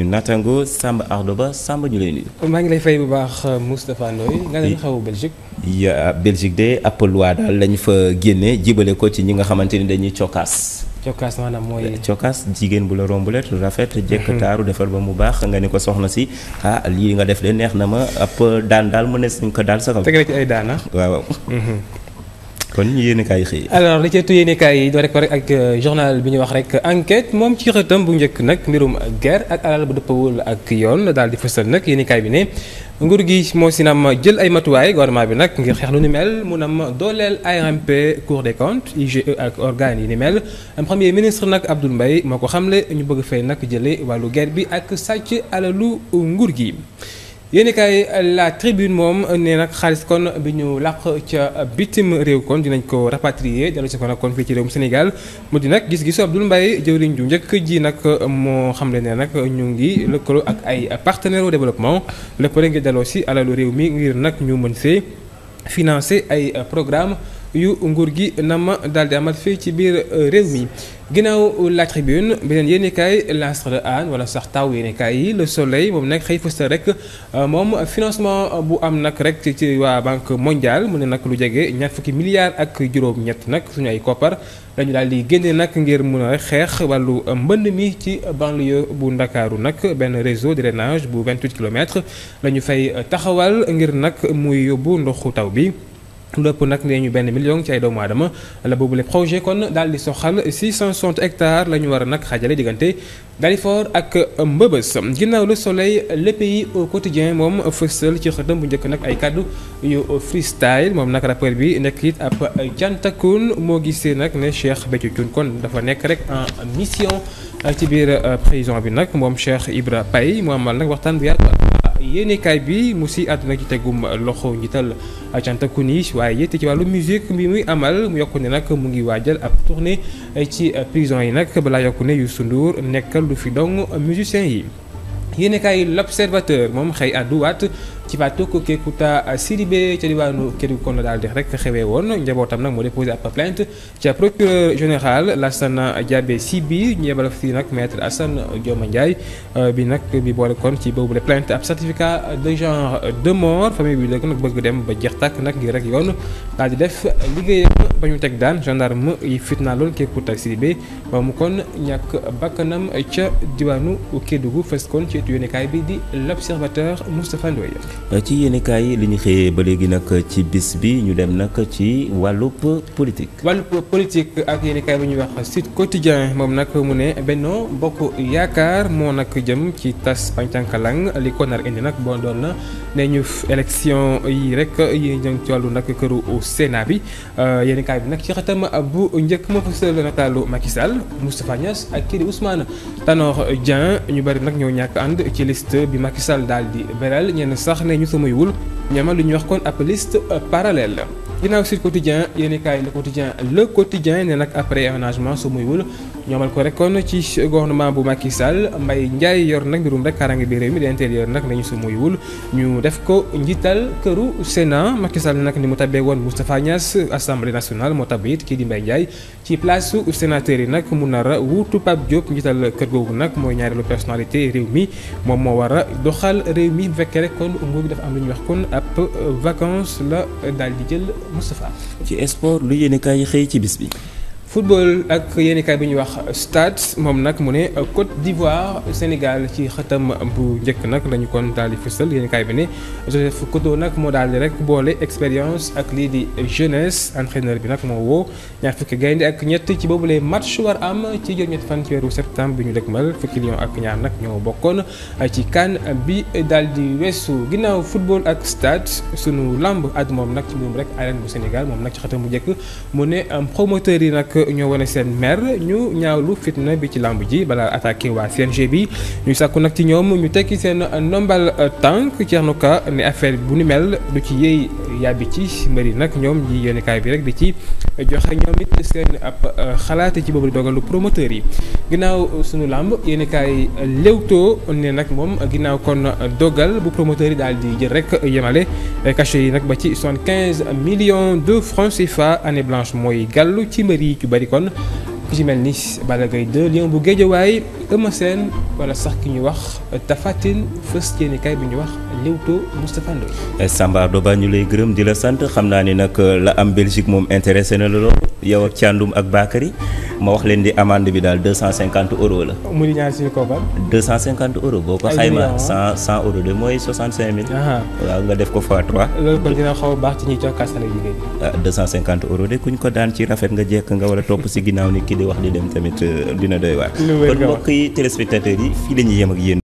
ñu naataango Samba Ardoba Samba ñu lay nuyu. maa ngi lay fay bu baax euh, Moustapha Ndoye nga leen xaw Belgique. ya Belgique de ab loi daal lañ fa génnee jibale ko ci ñi nga xamante ni dañuy cokkaas. cokkaas maanaam mooy. Eh, cokkaas jigéen bu la rombulet rafet. jekk taaru defar ba mu baax nga ni ko soxna si ah lii nga def de neex na ma ab daan daal mu ne suñ ko daal sa kaw. teg ci ay daana ah? waaw. Mhm. kon yéenekaay xëy. alors li ci yéenekaay yi doo rek rek ak euh, journal bi ñu wax rek enquête moom ci xëtam bu njëkk nag mbirum guerre ak alal bu dëppawul ak yoon daal di fësal nag yéenekaay bi ne. nguur gi moo si nam jël ay matuwaay gouvernement bi nag ngir xeex lu ni mel mu nam dooleel ARMP Cour des comptes IGE ak organes yi ni mel premier ministre nag Abdoul mbay moo ko xamle ñu bëgg fay nag jëlee wàllu guerre bi ak sàcc alalu nguur gi. yéeni kay la tribune moom nee nag xaalis kon bi ñu làq ca bitim réew kon dinañ ko rapatrier dellu si ko nag kon fii ci réewum Sénégal mu di nag gis-gisu Abdoul Mbaye jëwriñ ju njëkk ji nag moo xamle ne nag ñu ngi lëkkaloo ak ay partenaire au développement lépp rek ngi delloo si alalu réew mi ngir nag ñu mën see financé ay programme yu nguur gi na ma daal di amal fii ci biir euh, réew mi ginnaaw la tribune beneen yéen i de Hann wala sax taw yéen i yi le soleil moom nag xëy fësal rek euh, moom financement bu am nag rek ci waa banque mondiale mu ne nag lu jege ñaar fukki milliards ak juróom-ñett nag suñu ay koppar dañu daal di génne nag ngir mun a xeex wàllu mbënn mi ci banlieue bu ndakaaru nag benn réseau de drainage bu vingt kilomètres la ñu fay taxawal ngir nag muy yóbbu ndoxu taw bi. lépp nag nee ñu benn million ci ay doomu aadama la boobu le projet kon daal di soxal 660 hectares la ñu war a nag xaajale diggante Dalifort ak Mbëbës ginnaaw le soleil le pays au quotidien moom fësal ci xëtam bu njëkk nag ay kaddu yu freestyle moom nag rappeur bi nekk it ab jantakoon moo gisee nag ne Cheikh Béthio Thioune kon dafa nekk rek en mission ci biir euh, prison bi nag moom Cheikh Ibra Paye mu amal nag waxtaan bu yaatu yéenekaay bi mu si àdduna ci tegum loxo njiital ku yi waaye yétte ci wàllu musique bi muy amal mu yokku ne nag mu ngi waajal ab tournée ci prison yi nag balaa yokku ne yu Ndour nekkal lu fi dong musiciens yi yéenekaay l'observateur moom xëy àdduwaat ci baatu ko Kékouta euh, Sidibé ca diwaanu Kédougou la daal di rek xewee woon njabootam nag moo déposé ab plainte ca procureur général Lassana Diabé Sibi ñu yebal fii nag maître Assane Dioma Ndiaye euh, bi nag bi boole kon ci boobu la plainte ab certificat de genre de mort famille bi léegi nag bëgg dem ba jeex tàkk nag ngir rek yoon daal di def liggéeyam ba ñu teg daan gendarme yi fitnaa lool Kékouta Sidibé mu kon ñàkk bakkanam ca diwaanu Kédougou fës kon ci yéenekaay bi di l'observateur Moustapha Ndoye ci yéenekaay yi li ñu xëyee ba léegi nag ci bis bi ñu dem nag ci wàllub politique. wàllub politique ak yéenekaay bu ñuy wax Sud Quotidien moom nag mu ne Benno Bokk Yaakaar moo nag jëm ci tas pàncankalang li ko indi nag boo doon na ne ñu élection yi rek yi jëm ci wàllu nag këru Sénat bi euh, yéenekaay bi nag ci xatam bu njëkk ma fësal nataalu Macky Sall Moustapha Niass ak kii di Ousmane Tanor ñu bari nag ñoo ñàkk ànd ci liste bi Macky Sall di beral ñenn sax. ndax ne ñu samayul ñamal lu ñuy wax kon ab liste parallèle ginnaaw Sud Quotidien yéen i kaay le quotidien le quotidien ne nag après aménagement su muyul ñoomal ko rek kon ci gouvernement bu Macky Sall Mbaye Ndiaye yor nag mbirum rek kaaraange bi réew mi di intérieur nag nañu su muyul ñu def ko njiital këru Sénat Macky Sall nag ni mu tabee woon Moustapha Niass assemblée nationale moo tab it kii di mbay Ndiaye ci place sénateur yi nag mu nar a wuutu Pape Diop njiital kër googu nag mooy ñaareelu personnalité réew mi moom moo war a doxal réew mi bu fekkee rek kon nguur bi dafa am lu ñuy wax kon ab vacances la daal di jël Moustapha. ci sport lu yéene kaay xëy ci bis bi. football ak yéenikaay bi ñuy wax stade moom nag mu ne Côte d'Ivoire Sénégal ci xëtam bu njëkk nag lañu ñu kon daal di fësal yéenikaay bi ne Joseph Koto nag moo daal di rek boole expérience ak lii di jeunesse entraîneur bi nag moo woo ñaar fukki gaynde ak ñett ci boobulee match war am ci juróom-ñetti fan septembre bi ñu dëkkmal fukki lion ak ñaar nag ñoo bokkoon ci kan bi daal di weesu ginnaaw football ak stade sunu lamb at moom nag ci mbirum rek arène bu Sénégal moom nag ci bu njëkk ñoo wane seen mer ñu ñaawlu fitna bi ci làmb ji balaa attaqué waa CNG bi ñu sàkku nag ci ñoom ñu tekki seen nombal tànk Thierno Ka ne affaire bu ni mel du ci yéey yàbbi ci mbëri nag ñoom ñi yónnikaay bi rek di ci joxe ñoom seen ab euh, xalaat ci boobu dogalu promoteur yi ginnaaw sunu làmb yónnikaay Leewtoo ne nag moom ginnaaw kon dogal bu promoteur yi daal jël rek yemale cachet yi nag ba ci soixante-quinze millions de francs CFA année blanche mooy gàllu ci mbëri bëri kon ku ci mel ni Balla Gaye 2 Lion bu Guédiawaye Eumeu seen wala sax ki ñu wax Tapha Tine fës yéeni kay bi ñu wax Leewtoo Moustapha Ndoye eh, Samba Doba ñu lay gërëm di la sant xam naa ni nag la am Belgique moom intéressé na la lool yow ak Thiandoum ak Bakary ma wax leen di amende bi daal deux cent cinquante euros la. mu di ñaari suñu koppar. deux cent cinquante euros boo ko xayma cent ah. cent euros de mooy soixante cinq mille. waaw nga def ko fois trois. dina xaw a baax ci ñuy ñi. ah deux cent cinquante de kuñ ko daan ci rafet nga jekk nga wala topp si ginnaaw ni ki di wax di dem tamit euh, dina doy waar. kon mbokk yi téléspectateurs yi fii la yem ak yéen.